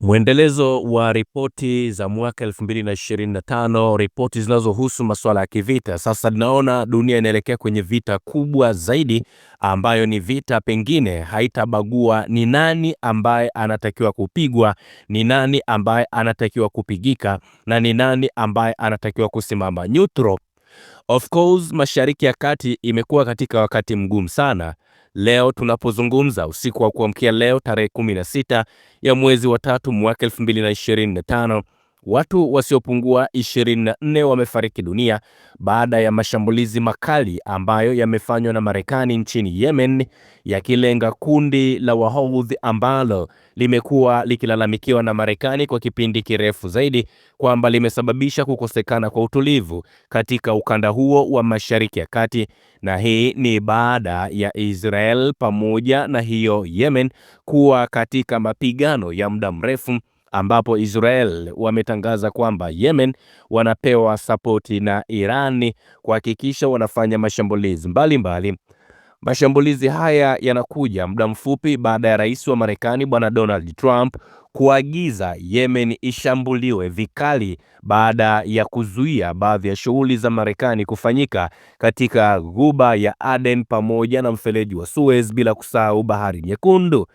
Mwendelezo wa ripoti za mwaka 2025, ripoti zinazohusu masuala ya kivita. Sasa tunaona dunia inaelekea kwenye vita kubwa zaidi, ambayo ni vita pengine haitabagua ni nani ambaye anatakiwa kupigwa, ni nani ambaye anatakiwa kupigika, na ni nani ambaye anatakiwa kusimama neutral. Of course, Mashariki ya Kati imekuwa katika wakati mgumu sana leo tunapozungumza, usiku wa kuamkia leo tarehe 16 ya mwezi wa tatu mwaka 2025 Watu wasiopungua 24 wamefariki dunia baada ya mashambulizi makali ambayo yamefanywa na Marekani nchini Yemen yakilenga kundi la Wahouthi ambalo limekuwa likilalamikiwa na Marekani kwa kipindi kirefu zaidi kwamba limesababisha kukosekana kwa utulivu katika ukanda huo wa Mashariki ya Kati, na hii ni baada ya Israel pamoja na hiyo Yemen kuwa katika mapigano ya muda mrefu ambapo Israel wametangaza kwamba Yemen wanapewa sapoti na Irani kuhakikisha wanafanya mashambulizi mbalimbali mbali. Mashambulizi haya yanakuja muda mfupi baada ya rais wa Marekani Bwana Donald Trump kuagiza Yemen ishambuliwe vikali baada ya kuzuia baadhi ya shughuli za Marekani kufanyika katika Ghuba ya Aden pamoja na mfereji wa Suez bila kusahau Bahari Nyekundu.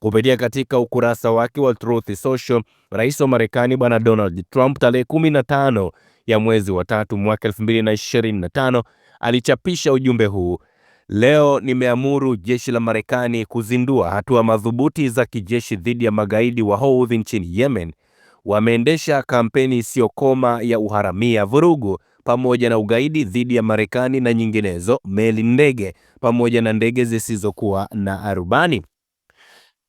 Kupitia katika ukurasa wake wa Truth Social, rais wa Marekani bwana Donald Trump tarehe 15 ya mwezi wa tatu mwaka 2025 alichapisha ujumbe huu: Leo nimeamuru jeshi la Marekani kuzindua hatua madhubuti za kijeshi dhidi ya magaidi wa Houthi nchini Yemen. Wameendesha kampeni isiyokoma ya uharamia, vurugu pamoja na ugaidi dhidi ya Marekani na nyinginezo, meli, ndege pamoja na ndege zisizokuwa na arubani.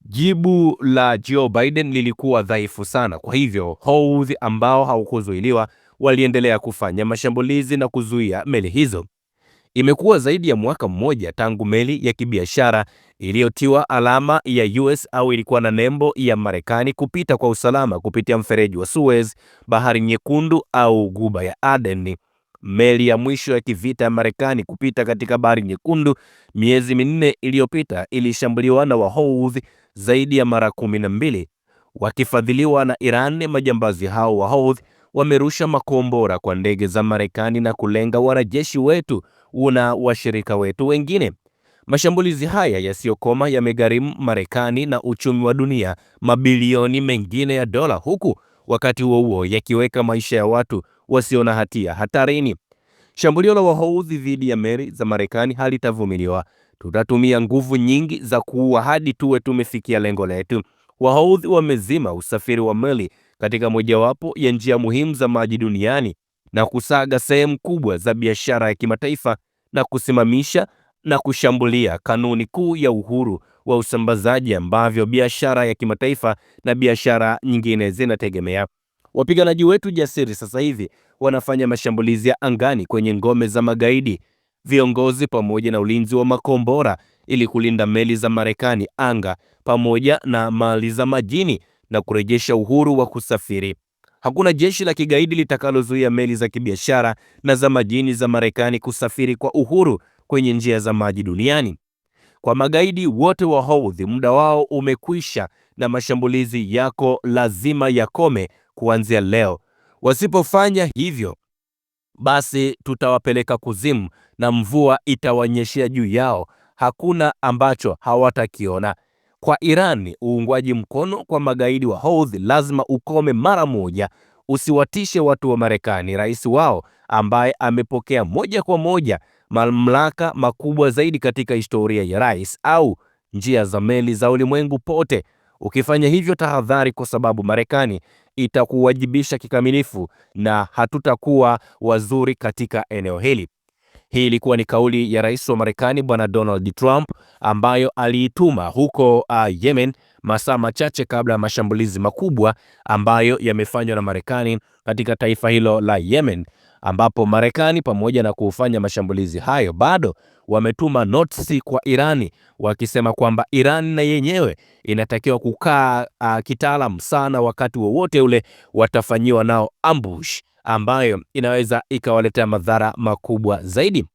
Jibu la Joe Biden lilikuwa dhaifu sana. Kwa hivyo, Houthi ambao haukuzuiliwa waliendelea kufanya mashambulizi na kuzuia meli hizo. Imekuwa zaidi ya mwaka mmoja tangu meli ya kibiashara iliyotiwa alama ya US au ilikuwa na nembo ya Marekani kupita kwa usalama kupitia mfereji wa Suez, Bahari Nyekundu au guba ya Aden. Meli ya mwisho ya kivita ya Marekani kupita katika Bahari Nyekundu miezi minne iliyopita ilishambuliwa na Wahouthi zaidi ya mara kumi na mbili wakifadhiliwa na Iran. Majambazi hao wa Houthi wamerusha makombora kwa ndege za Marekani na kulenga wanajeshi wetu una washirika wetu wengine. Mashambulizi haya yasiyokoma yamegharimu Marekani na uchumi wa dunia mabilioni mengine ya dola, huku wakati huo huo yakiweka maisha ya watu wasio na hatia hatarini. Shambulio la Wahouthi dhidi ya meli za Marekani halitavumiliwa Tutatumia nguvu nyingi za kuua hadi tuwe tumefikia lengo letu. wahaudhi wamezima usafiri wa meli katika mojawapo ya njia muhimu za maji duniani na kusaga sehemu kubwa za biashara ya kimataifa na kusimamisha na kushambulia kanuni kuu ya uhuru wa usambazaji ambavyo biashara ya kimataifa na biashara nyingine zinategemea. Wapiganaji wetu jasiri sasa hivi wanafanya mashambulizi ya angani kwenye ngome za magaidi viongozi pamoja na ulinzi wa makombora ili kulinda meli za Marekani anga pamoja na mali za majini na kurejesha uhuru wa kusafiri. Hakuna jeshi la kigaidi litakalozuia meli za kibiashara na za majini za Marekani kusafiri kwa uhuru kwenye njia za maji duniani. Kwa magaidi wote wa Houthi, muda wao umekwisha na mashambulizi yako lazima yakome kuanzia leo. Wasipofanya hivyo, basi tutawapeleka kuzimu na mvua itawanyeshea juu yao, hakuna ambacho hawatakiona. Kwa Irani, uungwaji mkono kwa magaidi wa Houthi lazima ukome mara moja. Usiwatishe watu wa Marekani, rais wao ambaye amepokea moja kwa moja mamlaka makubwa zaidi katika historia ya rais au njia za meli za ulimwengu pote. Ukifanya hivyo, tahadhari, kwa sababu Marekani itakuwajibisha kikamilifu na hatutakuwa wazuri katika eneo hili. Hii ilikuwa ni kauli ya rais wa Marekani Bwana Donald Trump ambayo aliituma huko uh, Yemen masaa machache kabla ya mashambulizi makubwa ambayo yamefanywa na Marekani katika taifa hilo la Yemen, ambapo Marekani pamoja na kufanya mashambulizi hayo bado wametuma notisi kwa Irani wakisema kwamba Irani na yenyewe inatakiwa kukaa uh, kitaalam sana, wakati wowote ule watafanyiwa nao ambush ambayo inaweza ikawaletea madhara makubwa zaidi.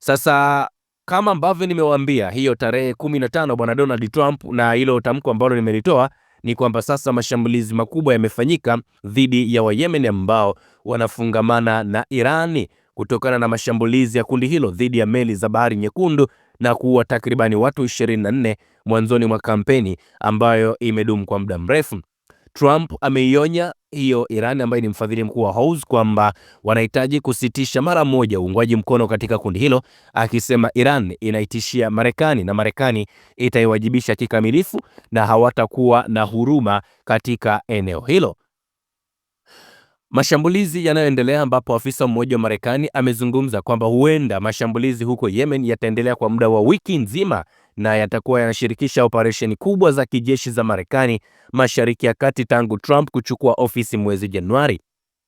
Sasa kama ambavyo nimewaambia, hiyo tarehe 15 bwana Donald Trump na hilo tamko ambalo nimelitoa ni kwamba sasa mashambulizi makubwa yamefanyika dhidi ya Wayemen ambao wanafungamana na Irani kutokana na mashambulizi ya kundi hilo dhidi ya meli za Bahari Nyekundu na kuua takribani watu 24 mwanzoni mwa kampeni ambayo imedumu kwa muda mrefu. Trump ameionya hiyo Iran ambayo ni mfadhili mkuu wa Houthi kwamba wanahitaji kusitisha mara moja uungwaji mkono katika kundi hilo, akisema Iran inaitishia Marekani na Marekani itaiwajibisha kikamilifu na hawatakuwa na huruma katika eneo hilo. Mashambulizi yanayoendelea ambapo afisa mmoja wa Marekani amezungumza kwamba huenda mashambulizi huko Yemen yataendelea kwa muda wa wiki nzima na yatakuwa yanashirikisha operesheni kubwa za kijeshi za Marekani Mashariki ya Kati tangu Trump kuchukua ofisi mwezi Januari.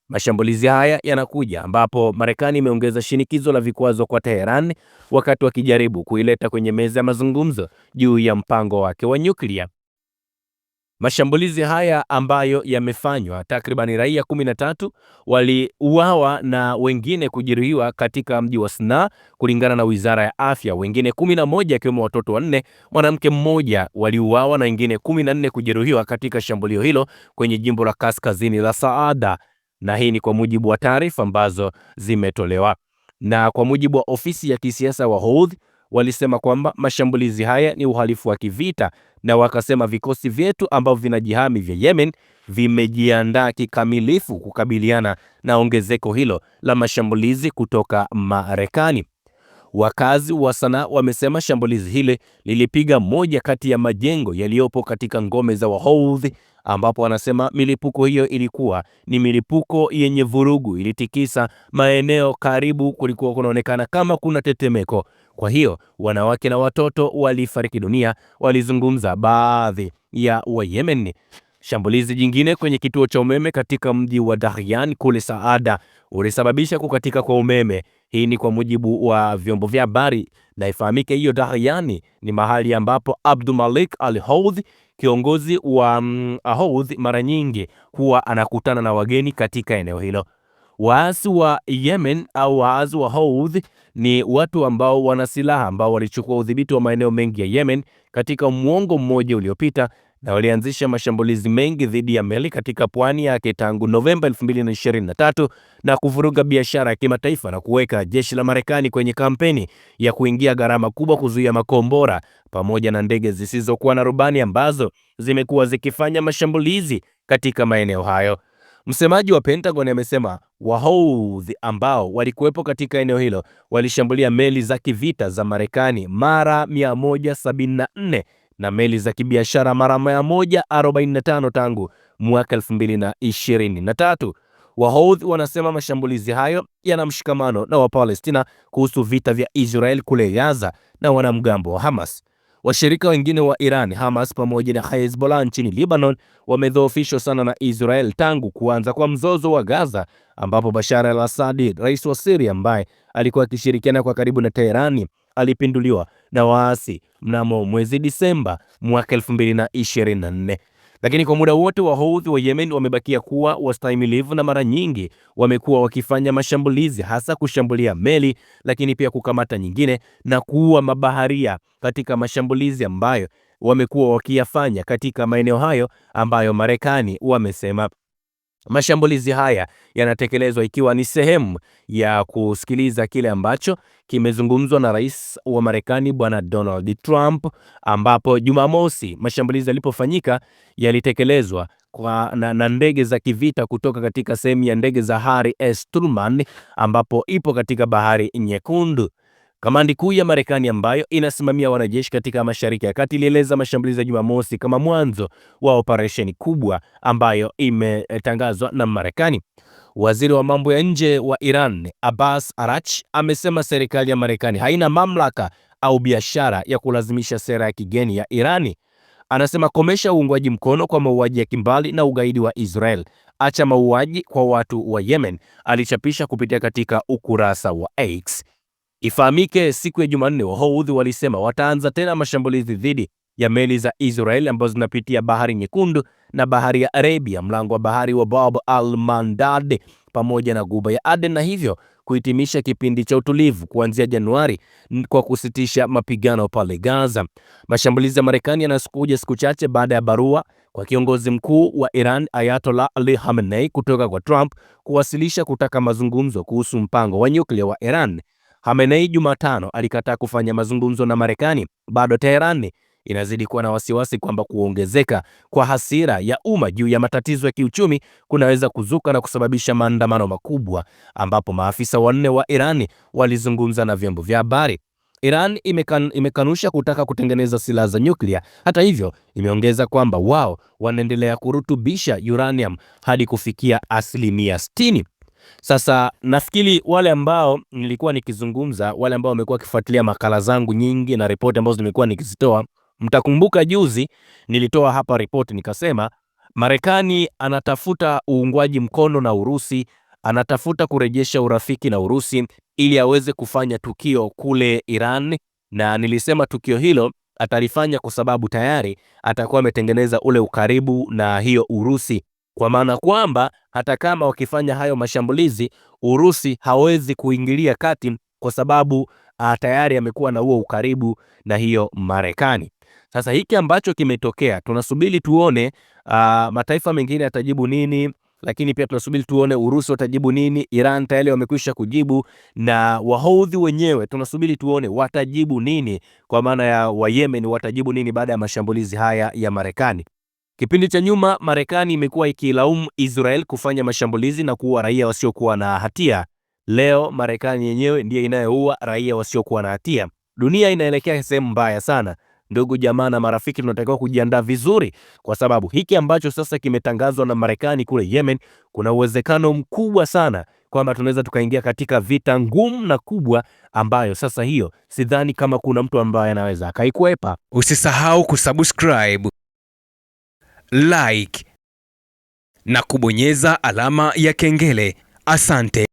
Mashambulizi haya yanakuja ambapo Marekani imeongeza shinikizo la vikwazo kwa Teheran wakati wakijaribu kuileta kwenye meza ya mazungumzo juu ya mpango wake wa nyuklia. Mashambulizi haya ambayo yamefanywa, takribani raia 13 waliuawa na wengine kujeruhiwa katika mji wa Sanaa, kulingana na Wizara ya Afya. Wengine 11 akiwemo watoto wanne, mwanamke mmoja, waliuawa na wengine 14 kujeruhiwa katika shambulio hilo kwenye jimbo la kaskazini la Saada, na hii ni kwa mujibu wa taarifa ambazo zimetolewa. Na kwa mujibu wa ofisi ya kisiasa wa Houthi, walisema kwamba mashambulizi haya ni uhalifu wa kivita na wakasema vikosi vyetu ambavyo vinajihami vya Yemen vimejiandaa kikamilifu kukabiliana na ongezeko hilo la mashambulizi kutoka Marekani. Wakazi wa Sanaa wamesema shambulizi hili lilipiga moja kati ya majengo yaliyopo katika ngome za Wahoudhi, ambapo wanasema milipuko hiyo ilikuwa ni milipuko yenye vurugu, ilitikisa maeneo karibu, kulikuwa kunaonekana kama kuna tetemeko. Kwa hiyo wanawake na watoto walifariki dunia, walizungumza baadhi ya Wayemen. Shambulizi jingine kwenye kituo cha umeme katika mji wa Dahyan kule Saada ulisababisha kukatika kwa umeme. Hii ni kwa mujibu wa vyombo vya habari, na ifahamike hiyo Dahyani ni mahali ambapo Abdul Malik Al Houthi kiongozi wa um, Houthi mara nyingi huwa anakutana na wageni katika eneo hilo. Waasi wa Yemen au waasi wa Houthi ni watu ambao wana silaha ambao walichukua udhibiti wa maeneo mengi ya Yemen katika muongo mmoja uliopita na walianzisha mashambulizi mengi dhidi ya meli katika pwani yake tangu Novemba 2023 na kuvuruga biashara ya kimataifa na kuweka jeshi la Marekani kwenye kampeni ya kuingia gharama kubwa kuzuia makombora pamoja na ndege zisizokuwa na rubani ambazo zimekuwa zikifanya mashambulizi katika maeneo hayo. Msemaji wa Pentagon amesema Wahoudh ambao walikuwepo katika eneo hilo walishambulia meli za kivita za Marekani mara 174 na meli za kibiashara mara 145 tangu mwaka 2023. Wahoudh wanasema mashambulizi hayo yana mshikamano na Wapalestina kuhusu vita vya Israel kule Gaza na wanamgambo wa Hamas. Washirika wengine wa Iran, Hamas pamoja na Hezbollah nchini Lebanon, wamedhoofishwa sana na Israel tangu kuanza kwa mzozo wa Gaza, ambapo Bashar al-Assad, rais wa Syria ambaye alikuwa akishirikiana kwa karibu na Teherani, alipinduliwa na waasi mnamo mwezi Disemba mwaka 2024. Lakini kwa muda wote Wahouthi wa Yemen wamebakia kuwa wastahimilivu na mara nyingi wamekuwa wakifanya mashambulizi, hasa kushambulia meli, lakini pia kukamata nyingine na kuua mabaharia katika mashambulizi ambayo wamekuwa wakiyafanya katika maeneo hayo ambayo Marekani wamesema Mashambulizi haya yanatekelezwa ikiwa ni sehemu ya kusikiliza kile ambacho kimezungumzwa na rais wa Marekani Bwana Donald Trump, ambapo Jumamosi mashambulizi yalipofanyika yalitekelezwa kwa na, na ndege za kivita kutoka katika sehemu ya ndege za Harry S Truman ambapo ipo katika Bahari Nyekundu. Kamandi kuu ya Marekani ambayo inasimamia wanajeshi katika Mashariki ya Kati ilieleza mashambulizi ya Jumamosi kama mwanzo wa operesheni kubwa ambayo imetangazwa na Marekani. Waziri wa mambo ya nje wa Iran, Abbas arach amesema serikali ya Marekani haina mamlaka au biashara ya kulazimisha sera ya kigeni ya Irani. Anasema komesha uungwaji mkono kwa mauaji ya kimbali na ugaidi wa Israel, acha mauaji kwa watu wa Yemen, alichapisha kupitia katika ukurasa wa X. Ifahamike, siku ya Jumanne Wahoudhi walisema wataanza tena mashambulizi dhidi ya meli za Israel ambazo zinapitia bahari nyekundu na bahari ya Arabia, mlango wa bahari wa Bab al mandad pamoja na guba ya Aden, na hivyo kuhitimisha kipindi cha utulivu kuanzia Januari kwa kusitisha mapigano pale Gaza. Mashambulizi ya Marekani yanakuja siku chache baada ya barua kwa kiongozi mkuu wa Iran Ayatollah Ali Khamenei kutoka kwa Trump kuwasilisha kutaka mazungumzo kuhusu mpango wa nyuklia wa Iran hamenei Jumatano alikataa kufanya mazungumzo na Marekani. Bado Teherani inazidi kuwa na wasiwasi kwamba kuongezeka kwa hasira ya umma juu ya matatizo ya kiuchumi kunaweza kuzuka na kusababisha maandamano makubwa, ambapo maafisa wanne wa Irani walizungumza na vyombo vya habari. Iran imekan, imekanusha kutaka kutengeneza silaha za nyuklia. Hata hivyo, imeongeza kwamba wao wanaendelea kurutubisha uranium hadi kufikia asilimia 60. Sasa nafikiri wale ambao nilikuwa nikizungumza, wale ambao wamekuwa wakifuatilia makala zangu nyingi na ripoti ambazo nimekuwa nikizitoa, mtakumbuka juzi nilitoa hapa ripoti nikasema, Marekani anatafuta uungwaji mkono na Urusi, anatafuta kurejesha urafiki na Urusi ili aweze kufanya tukio kule Iran, na nilisema tukio hilo atalifanya kwa sababu tayari atakuwa ametengeneza ule ukaribu na hiyo Urusi kwa maana kwamba hata kama wakifanya hayo mashambulizi, Urusi hawezi kuingilia kati kwa sababu a, ah, tayari amekuwa na huo ukaribu na hiyo Marekani. Sasa hiki ambacho kimetokea, tunasubiri tuone a, ah, mataifa mengine yatajibu nini, lakini pia tunasubiri tuone Urusi watajibu nini. Iran tayari wamekwisha kujibu, na Wahoudhi wenyewe tunasubiri tuone watajibu nini, kwa maana ya Wayemen watajibu nini baada ya mashambulizi haya ya Marekani. Kipindi cha nyuma Marekani imekuwa ikilaumu Israel kufanya mashambulizi na kuua raia wasiokuwa na hatia. Leo Marekani yenyewe ndiye inayoua raia wasiokuwa na hatia. Dunia inaelekea sehemu mbaya sana. Ndugu jamaa na marafiki, tunatakiwa kujiandaa vizuri, kwa sababu hiki ambacho sasa kimetangazwa na Marekani kule Yemen, kuna uwezekano mkubwa sana kwamba tunaweza tukaingia katika vita ngumu na kubwa, ambayo sasa hiyo sidhani kama kuna mtu ambaye anaweza akaikwepa. Usisahau kusubscribe like na kubonyeza alama ya kengele. Asante.